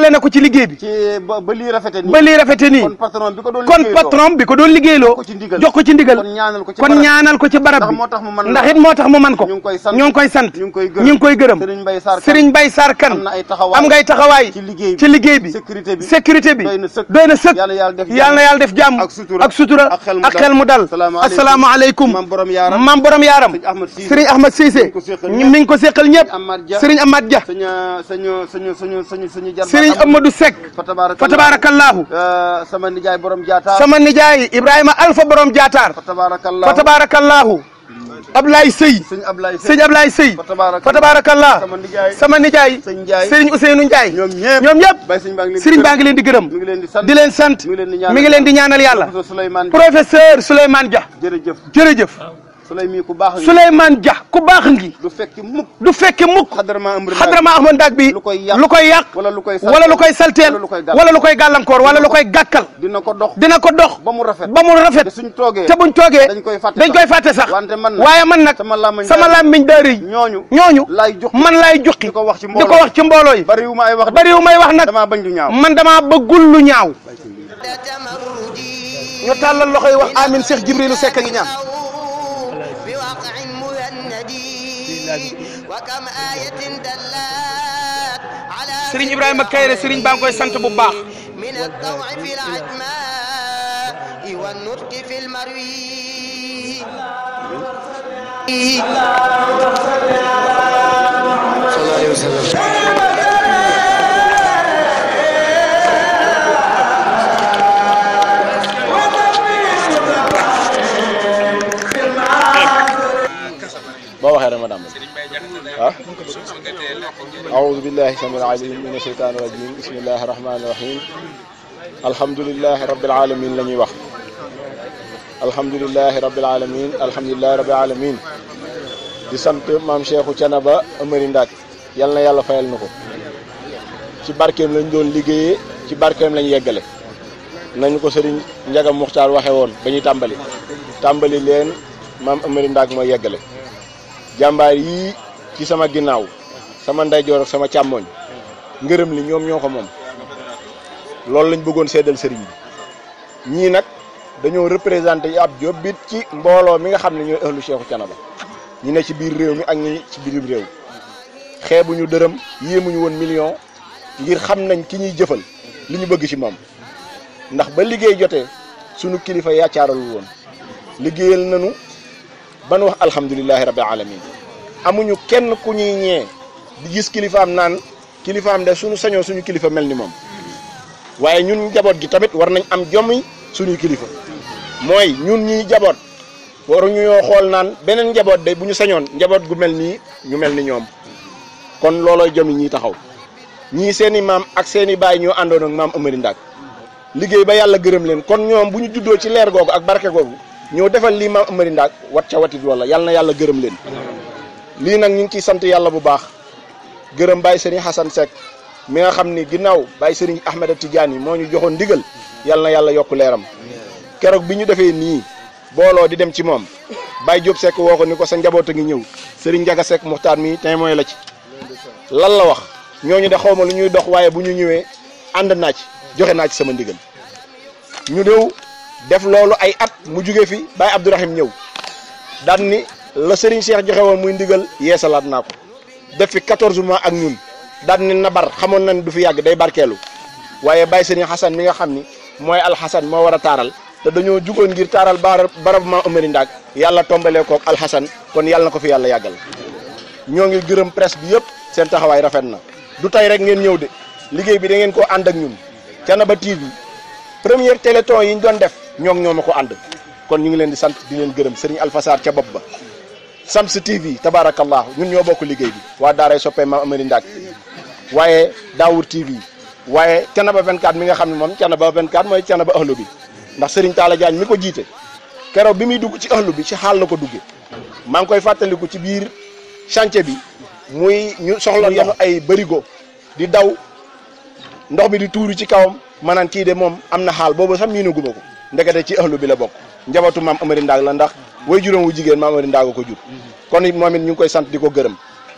Speaker 4: jàppale na ko ci liggéey bi. ci ba lii rafete nii ba lii rafete kon patron bi ko doon liggéeyloo kon patron ci ndigal kon ñaanal ko ci barab bi ndax it mu man ko. ñu koy sant ñu koy sant ñu ngi koy gërëm. am ngay taxawaay ci liggéey bi sécurité bi doy na sëkk yàlla na yàlla def jàmm ak sutura ak xel mu dal asalaamaaleykum maam borom yaaram Serigne Ahmad Cissé mi ko séqal ñëpp Serigne Amath Dia. sëriñ Amadou Seck fa tabaarakallaahu euh, sama nijaay borom jaataar sama nijaay Ibrahima Alpha borom jaataar fa tabaarakallaahu Ablaye Sey sëñ Ablaye Sey fa tabaarakallaa sama nijaay sëriñ Ousseynou Ndiaye ñoom ñëpp sëriñ baa ngi leen di gërëm di leen sant mi ngi leen di ñaanal yàlla professeur Souleymane Dia jërëjëf Sulaiman Dia ku bax ngi du fekki muk du fekki mukk xadrama amr xadrama dag bi lu koy wala lu koy wala wala lu koy wala lu koy dina ko dox dina ko dox ba rafet ba rafet te suñ te buñ toge dañ koy fàtte dañ koy sax waye man nak sama làmmiñ daari ñooñu ñooñu man lay juqi diko wax ci mbolo yi bariwuma ay wax wax nak dama bañ lu ñaaw man dama bëggul lu ñaaw ñu tàllal loxoy wax amin cheikh jibrilu sekk gi ñaan
Speaker 2: آية سرين إبراهيم كايرة سرين بانكو سانت بو باخ من الضوع في العتماء والنطق في المروي صلى
Speaker 3: الله عليه وسلم
Speaker 4: boo waxee rek ma dàmbale ah aoudu billahi samil alim min asheytaani rajim bismillahi rahmaani rahim alamin la ñuy wax alhamdulilahi rabbil alamin alhamdulilahi rabbil alamin di sant maam Cheikhou Thiénaba Amary Ndack yal na yàlla fayal na ko ci barkeem lañ doon liggéeyee ci barkeem lañu yeggale nañu ko sëriñ Ndiaga Muxtaar waxe woon ba ñuy tàmbali tàmbali leen maam Amary Ndack mooy yeggale jàmbaar yii ci sama ginnaaw sama ndeyjoor sama càmmooñ ngërëm li ñoom ñoo ko moom loolu lañ bëggoon seddal sëriñ bi ñii nag dañoo représenté ab jobbit ci mbooloo mi nga xam ne ñooy ëhlu Seexu Canaba ñi ne ci biir réew mi ak ñi ci biir réew xeebuñu dërëm yéemuñu woon million ngir xam nañ ki ñuy jëfal li ñu bëgg ci moom ndax ba liggéey jote sunu kilifa yaacaaralul woon liggéeyal nanu ba wax alhamdulilahi rabbil alamin amuñu kenn ku ñuy ñee di gis kilifaam naan kilifaam de suñu sañoo suñu kilifa mel ni moom waaye ñun njaboot gi tamit war nañ am jommi suñuy kilifa mooy ñun ñuy jaboot waruñoo xool naan beneen njaboot de bu ñu sañoon njaboot gu mel nii ñu mel ni ñoom kon loolooy jommi ñiy taxaw ñii seen i maam ak seen i baay ñu àndoon ak maam Amari liggéey ba yàlla gërëm leen kon ñoom bu ñu juddoo ci leer googu ak barke googu ñoo defal lima ma amari ndak wat ca watit wala yalla na yalla gërëm leen li nak ñu ngi ciy bu baax bay hasan sek mi nga xamni ginnaw bay bàyyi ahmed tidiane mo ñu joxon digël yalla na yalla yok leeram kérok bi ñu di dem ci mom bay job sek woko ko ni ko sa njabot ñew sek Muhtar mi tay moy la ci lan la wax ñooñu de xawma lu ñuy dox waye bu ñu ñëwee and na ci joxe na ci sama ndigal ñu def lolu ay at mu joge fi Baye Abdourahim ñew dal ni le Serigne Cheikh joxe muy ndigal yeesalat nako def fi 14 mois ak ñun dal ni nabar xamoon nañ du fi yag day barkelu waye Baye Serigne Xasan mi nga xamni moy al alxasan mo wara taral te dañoo jugoon ngir bar barab ma ndak yalla tombalé ko al kon yalla nako fi yalla yagal ñoo ngi presse bi yépp seen taxaway rafet na du tay rek ngeen ñew de liggéey bi da ngeen ko and ak ñun ba TV première téléthon yi ñu doon def ñoo ngi ñoo ma ko ànd kon ñu ngi leen di sant di leen gërëm sëriñ Alpha Sarr ca bopp ba Sams TV tabaarakallah ñun ñoo bokk liggéey bi waa daaray soppee maam Amari Ndak waaye Daawur TV waaye Thiénaba 24 mi nga xam ne moom Thiénaba 24 mooy Thiénaba ëhlu bi ndax sëriñ Talla Diagne mi ko jiite keroog bi muy dugg ci ëhlu bi ci xaal la ko duggee maa ngi koy fàttaliku ci biir chantier bi muy ñu soxla ndox ay bërigo di daw ndox bi di tuuru ci kawam ma naan kii de moom am na xaal boobu sax miinu guma ko ndekete ci ahlu bi la bokk njabootu maam Amari Ndaag la ndax way juróom wu jigéen maam Amari Ndaag ko jur kon moom ñu ngi koy sant di ko gërëm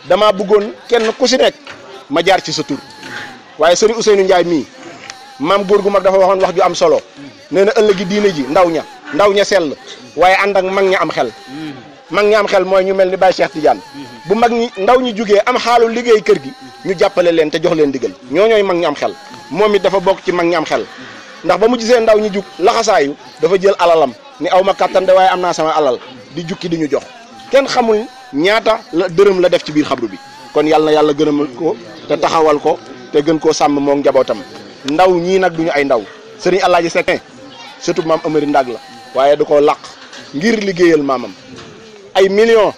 Speaker 4: damaa bëggoon kenn ku si nekk ma jaar ci sa tur waaye sëriñ Ousseynou Ndiaye mii maam góor gu mag dafa waxoon wax ju am solo nee na ëllëgi diine ji ndaw ña ndaw ña sell waaye ànd ak mag ña am xel mag ña am xel mooy ñu mel ni Baye Cheikh Tidiane bu mag ñi ndaw ñi jugee am xaalu liggéey kër gi ñu jàppale leen te jox leen digal ñoo ñooy mag ñu am xel moom dafa bokk ci mag am xel ndax ba mu ndaw ñi laxasaayu dafa jël alalam ni aw ma amna de sama alal di jukki di ñu jox kenn xamul ñaata la dërëm la def ci biir xabru bi kon yàlla na yàlla gërëmal ko te taxawal ko te gën koo sàmm moom njabootam ndaw duñu ay ndaw sëriñ alaaji Seck surtout maam Amari Ndag la ngir liggéeyal ay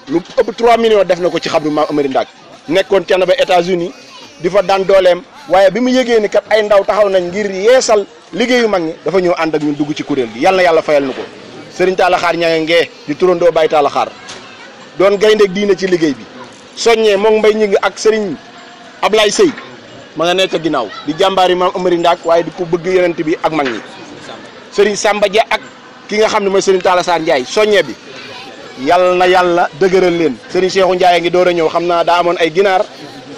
Speaker 4: lu 3 def na ko ci xabru Amari Ndag nekkoon Thiénaba états uni di fa daan dooleem waaye bi mu yëgee ni kat ay ndaw taxaw nañ ngir yeesal liggéeyu mag ñi dafa ñëw ànd ak ñun dugg ci kuréel bi yal na yàlla fayal nu ko sëriñ Talla Xaar ña ngee di turandoo Baye Talla Xaar doon gaynde diine ci liggéey bi soññee moom mbay ñi ngi ak sëriñ ab Ablaye sëy ma nga nekk ginnaaw di jàmbaari maam Amari Ndaak waaye di ko bëgg yonent bi ak mag ñi sëriñ Samba Dia ak ki nga xam ne mooy sëriñ Talla Sarr Ndiaye bi yal na yàlla dëgëral leen Serigne Cheikhou a ngi door a ñëw xam naa daa amoon ay ginaar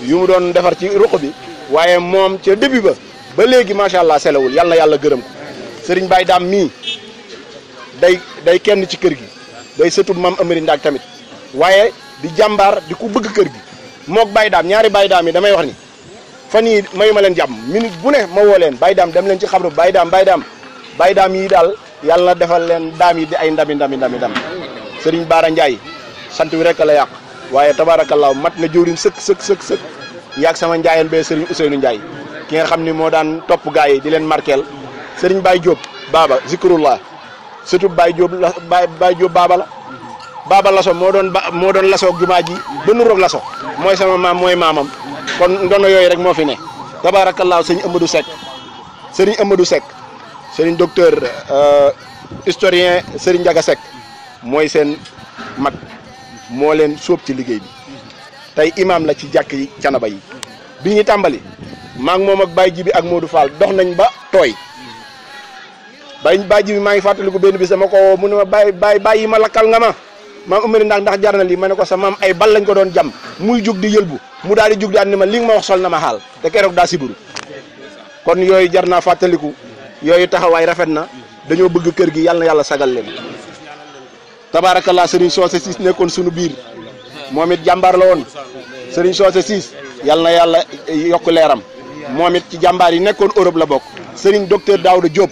Speaker 4: yu mu doon defar ci ruq bi waaye moom ca début ba ba léegi macha allah selawul yal yàlla gërëm ko Serigne Baye Dame mii day day kenn ci kër gi day sëtub maam Amari Ndak tamit waaye di jàmbaar di ku bëgg kër gi mook bay daam ñaari bay daam yi damay wax ni fan yi mayu ma leen jàmm minute bu ne ma woo leen Baye Dame dem leen ci xabru Baye daam Baye Dame bay daam yi daal yàlla defal leen daam yi di ay ndami ndami sering barang Ndiaye sant wi rek la yak waye tabarakallah mat na sek seuk seuk seuk seuk yak sama njaayeen be serigne Ousseynou Ndiaye ki nga xamni mo dan top sering di len markel serigne Baye Diop Baba zikrullah surtout Baye Diop Baye Diop Baba la Baba Laso mo don mo don laso lasoo jumaa ji ba laso moy sama mam moy mamam kon ndono yoy rek mo fi ne tabarakallah serigne Amadou Seck serigne Amadou Seck serigne docteur euh, historien serigne Ndiaga Seck Moysen, sen molen mo len Tai ci liggey bi tay imam la ci jakk yi canaba yi bi ñuy tàmbali maa ngi ak Baye Jibi ak Modou Fall dox nañ ba toy. Baye Baye Jibi ma ngi ko benn bi sama ko mu ne ma Baye Baye Baye yi ma lakkal nga ma ma umir ndax ndax jar li mané ko sa mam ay bal lañ ko doon jam muy jug di yelbu mu daali di di anima li nga ma wax sol na ma hal te kérok da siburu kon yoy jarna fatali ko yoy taxaway rafetna dañu bëgg kër gi yalla yalla sagal leen tabaarakallaa Serigne Socé Ciss nekkoon sunu biir moom it jàmbaar la woon Serigne Socé Ciss yal na yàlla yokk leeram moom it ci jàmbaar yi nekkoon Europe la bokk Serigne docteur Daouda Diop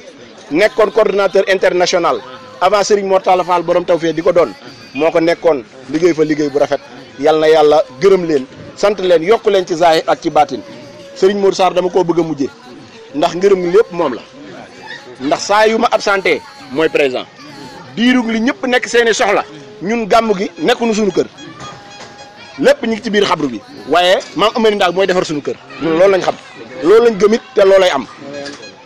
Speaker 4: nekkoon coordinateur international avant Serigne Mortala boroom borom tawféé di ko doon moo ko nekkoon liggéey fa liggéey bu rafet yal yàlla gërëm leen sant leen yokk leen ci zaahir ak ci baatin sëriñ Mor Sarr dama koo bëgg a mujjee ndax ngërëm lépp moom la ndax saa diirug li ñepp nek seeni soxla ñun gamugi, gi nu suñu kër lepp ñi ci biir xabru bi waye maam amé ndaag moy défar suñu kër ñun loolu lañ xam loolu lañ gëmit loolay am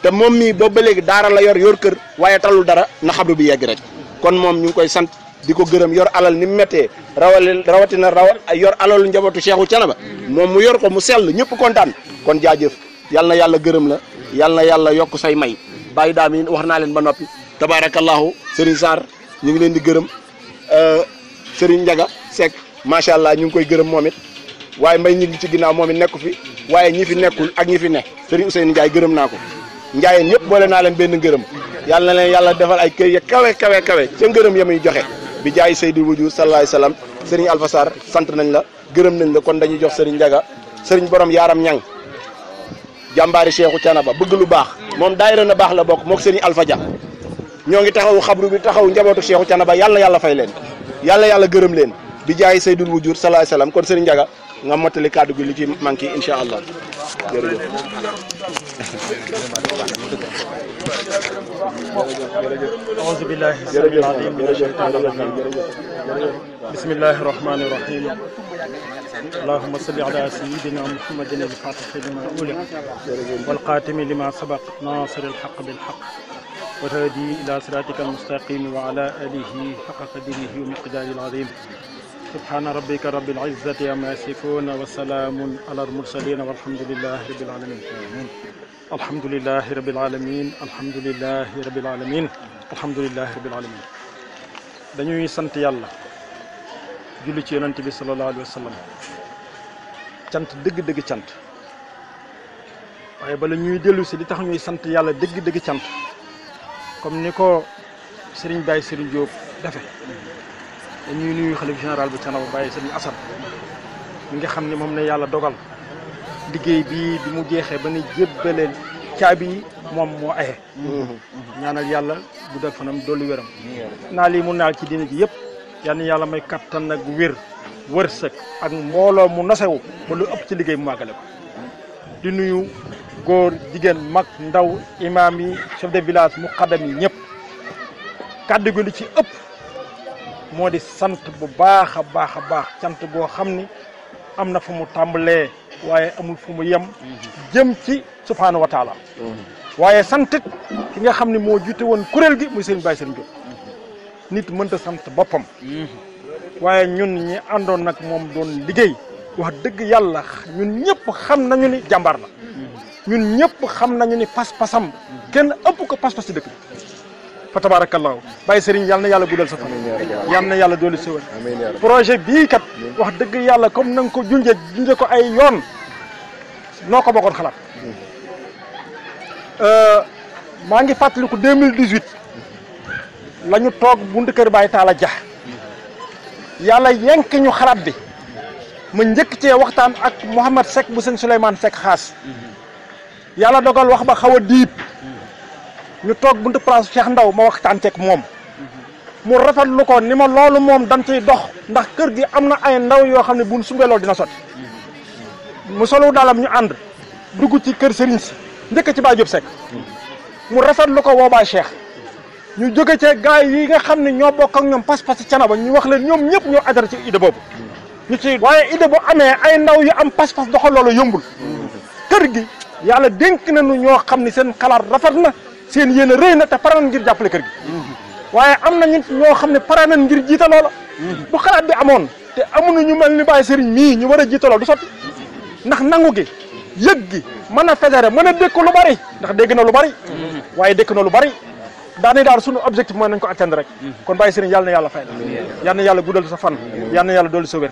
Speaker 4: té mom mi bo ba légui dara la yor yor kër waye talul dara na xabru bi yegg rek kon mom ñu koy sant di gëreem yor alal ni metté rawal rawal na rawal yor alal njabotu Cheikhou tianaba mom mu yor ko mu sel ñepp contane kon jaajeuf yal yalla gëreem la yal yalla yok say may bay waxna len ba nopi tabaarakallaahu Serigne Sarr ñu ngi leen di gërëm euh, Serigne Ndiaga Seck macha allah ñu ngi koy gërëm moom waaye may ñi ngi ci ginnaaw moom it nekku fi waaye ñi fi nekkul ak ñi fi ne Serigne Ousseynou Ndiaye gërëm naa ko njaayeen yëpp boole naa leen benn ngërëm yàlla na leen yàlla defal ay kër ya kawe kawe kawe ca ngërëm ya joxe bi jaay Seydou Wujju sallallahu alayhi wasallam Serigne Alpha sant nañ la gërëm nañ la kon dañuy jox Serigne Ndiaga Serigne borom yaaram ñang jàmbaari Cheikhou Thiénaba bëgg lu baax moom daayira na baax la bokk mook Serigne ñoo ngi taxaw xabru bi taxaw njabootu Seexu Canaba yàlla yàlla fay leen yàlla yàlla gërëm leen bi jaay Seydul Wujur salaay salaam kon sëriñ Njaga nga mottali kàddu gi li ci manqué incha allah
Speaker 3: jërëjëf. aouzu billahi samiil aliim mina shaytaani rajiim bismillahi rahmaani rahiim allahumma salli
Speaker 1: wal xaatimi lima sabaqa naasiril haqqi bil haqqi وتهدي إلى صراطك المستقيم وعلى آله حق قدره ومقداره العظيم سبحان ربك رب العزة عما يصفون وسلام على المرسلين والحمد لله رب العالمين الحمد لله رب العالمين الحمد لله رب العالمين الحمد لله رب العالمين
Speaker 4: dañuy sant yàlla julli ci yonent bi sallallahu alayhi wa sallam cant dëgg-dëgg cant waaye bala ñuy dellu si li tax ñuy sant yàlla dëgg-dëgg cant comme ni ko Serigne Baye Serigne Diop defe dañuy nuyu xalifa général bu bàyyi Baye Serigne Assane mi nga xam ne moom ne yàlla dogal liggéey bi di mu jeexee ba ni jébbale caabi yi moom moo aye ñaanal yàlla guddal fanam dolli wéram naa lii mu
Speaker 1: naal ci diine ji yëpp yal na yàlla may kattan ak wér wërsëg ak mbooloo mu
Speaker 4: nasewu ba lu ëpp ci liggéey bu màggale ko di nuyu góor jigéen mag ndaw imaam yi chef de village muqaddam yi ñëpp kàddu gi lu ci ëpp moo di sant bu baax a baax a baax cant goo xam ni am na fu mu tàmbalee waaye amul fu mu yem jëm ci subhaanahu wa waaye santit ki nga xam ne moo jiite woon kuréel gi muy sëriñ Baye Sëriñ ko nit mënta sant boppam waaye ñun ñi àndoon nag moom doon liggéey wax dëgg yàlla ñun ñëpp xam nañu ni jàmbaar na ñun ñëpp xam nañu ni pas-pasam kenn ëpp ko pas-pas ci dëkk bi fa tabaarakallaahu bàyyi sëriñ yal na yàlla guddal sa
Speaker 2: fan yal
Speaker 4: na yàlla dooli sëwër projet bii kat wax dëgg yàlla comme na nga ko junje junje ko ay yoon noo ko bokkoon xalaat euh, maa ngi fàttaliku 2018 la ñu toog buntu kër Baye Talla Dia yàlla yenk ñu xalaat bi ma njëkk cee waxtaan ak Mouhamad Seck bu sëñ Souleymane xaas yalla dogal wax ba xawa dip ñu tok buntu place Cheikh Ndaw ma ci ak mom mu lu ko ni lolu mom moom dañ ci dox ndax kër gi amna ay ndaw yo xamni buñ sumbe loolu dina soti mu solo dalam ñu and duggu ci kër Serigne ci ndek ci ba Diop Seck mu lu ko wo ba Cheikh ñu joge ci gaay yi nga xamni ño bok ak ñom pass pass ci ba ñu wax leen ñom ñep ño adhéré ci ide bobu ñu ci waye ide bu amé ay ndaw yu am pass pass doxal lolu yombul kër gi yàlla dénk nañu ñoo xam ne seen xalaat rafat na seen yéene rëy na te pare nañ ngir jàppale kër gi waaye am na ñu ñoo xam ne pare nañ ngir jiite loola bu xalaat bi amoon te amuñu ñu mel ni Baye Serigne mii ñu war a jiite loola du sotti ndax nangu gi yëg gi mën a fédéré mën a dékk lu bari ndax dégg na lu bari waaye dékk na lu bari daanay daal suñu objectif mooy nañ ko atteindre rek mm-hmm. kon bàyyi sëriñ yàlla na yàlla fay la yàlla na yàlla guddal sa fan yàlla na yàlla dolli sa wér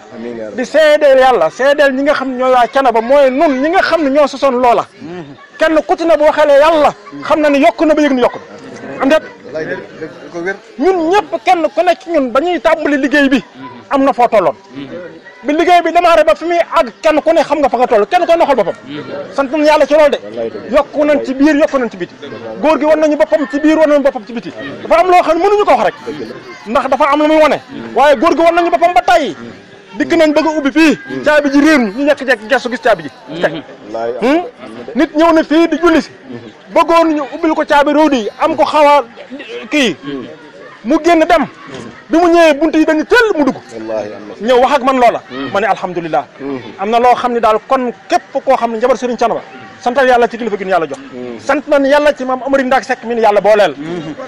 Speaker 4: di seedeel yàlla seedeel ñi nga xam ñooy waa Canaba mooy nun ñi nga xam ne ñoo sosoon loola mm-hmm. kenn ku ci ne boo xelee xam na ne yokk na ba yëg ni yokk na am déet ñun ñëpp kenn ku nekk ñun ba ñuy tàmbali liggéey bi mm-hmm. am na foo tolloon bi liggéey bi démarré ba fi muy àgg kenn ku ne xam nga fa nga toll kenn ku ne xool boppam sant nañ yàlla ci loolu de yokku nañ ci biir yokku nañ ci biti góor gi wan nañu boppam ci biir wan nañu boppam ci biti dafa am loo xam ne mënuñu ko wax rek ndax dafa muy wane waaye góor gi wan nañu boppam ba tay dikk nañ bëgg a ubbi fii caabi ji réer ñu jekk-jekk gestu gis caabi ji
Speaker 3: hmm?
Speaker 4: nit ñëw na fii di julli si bëggoon ñu ubbil ko caabi réew di am ko xaw a kii mu génn dem bi mu ñëwee bunt yi dañu tëll mu dugg ñëw wax ak man loola hmm. ma ne alhamdulilah hmm. am na loo xam ne daal kon képp koo xam ne njabar Serigne Thiénaba santal yàlla ci kilifa gi ñu yàlla jox hmm. sant nan yàlla ci maam Amari Ndaak Seck mi ni yàlla booleel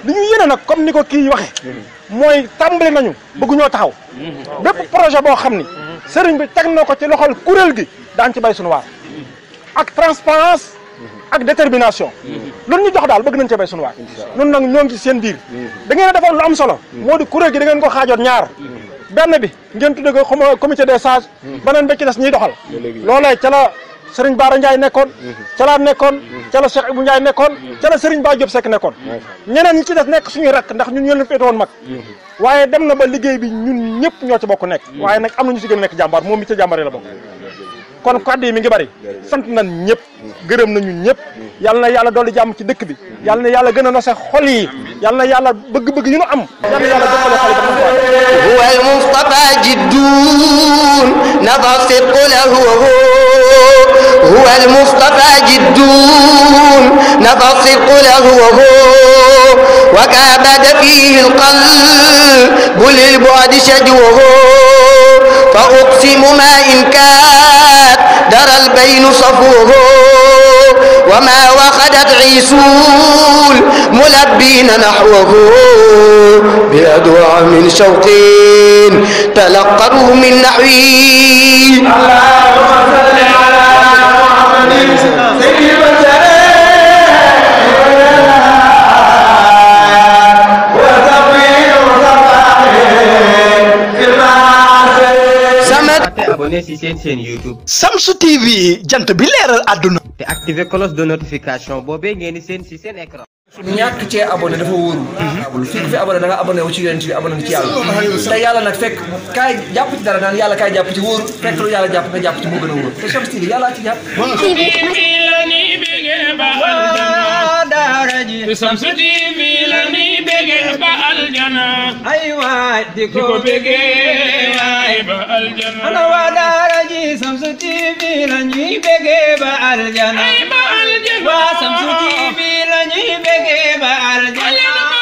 Speaker 4: li ñu yéene nag comme ni ko kii waxe mooy tàmbali nañu bëgg ñoo taxaw bépp projet boo xam ni sëriñ bi teg na ko ci loxol kuréel gi daan ci bay suñu waar ak transparence ak détermination loolu ñu jox daal bëgg nañ ca bay suñu waay nun nag ñoo ngi seen biir da ngeen defoon lu am solo moo di kuréel gi da ngeen ko xaajoon ñaar benn bi ngeen tudde ko comité des sages beneen bi ci des ñuy doxal loolee ca la Serigne Bara Ndiaye nekkoon ca laa nekkoon ca la Cheikh Ibou nekkoon ca la Serigne Ba Diop Seck nekkoon ñeneen ñi ci des nekk suñuy rakk ndax ñu ñoo leen féetewoon mag waaye dem na ba liggéey bi ñun ñëpp ñoo ci bokk nekk waaye nag am na ñu ci gën a nekk jàmbaar moom mi ca jàmbaar la bokk kon kàddu yi mi ngi bari sant nañ ñëpp gërëm nañu ñep yalla na yàlla dolli jàmm ci dëkk bi yalla na yàlla gëna a nose xol yi yalla na yàlla bëgg-bëgg yu nu am yal yàlla dëkkale xol
Speaker 2: yi huwa al-mustafa jiddun nada sidqu lahu huwa al-mustafa jiddun nada وكابد فيه القلب للبعد شجوه فأقسم ما إن كان درى البين صفوه وما وخدت عيسول ملبين نحوه بأدوع من شوق تلقره من نحوي
Speaker 4: abonné ci seen chaîne YouTube. Shamsu TV jant bi leeral àdduna. te activer cloche de notification boobee ngeen di seen ci seen écran. ñàkk cee abonné dafa wóorul. fii fi abonné da nga abonné wu ci yonent bi abonné ci yàlla. te yàlla nag fekk kaay jàpp dara naan yàlla kaay jàpp ci fekk lu yàlla jàpp nga jàpp ci moo
Speaker 2: TV ba aljana samsu tv la ñuy bégee ba aljana ay waay di ko bégee waay
Speaker 1: ba aljana ana
Speaker 2: waa daara ji samsu tv la ñuy bégee ba aljana ay ba aljana waa samsu tv la ñuy bégee ba aljana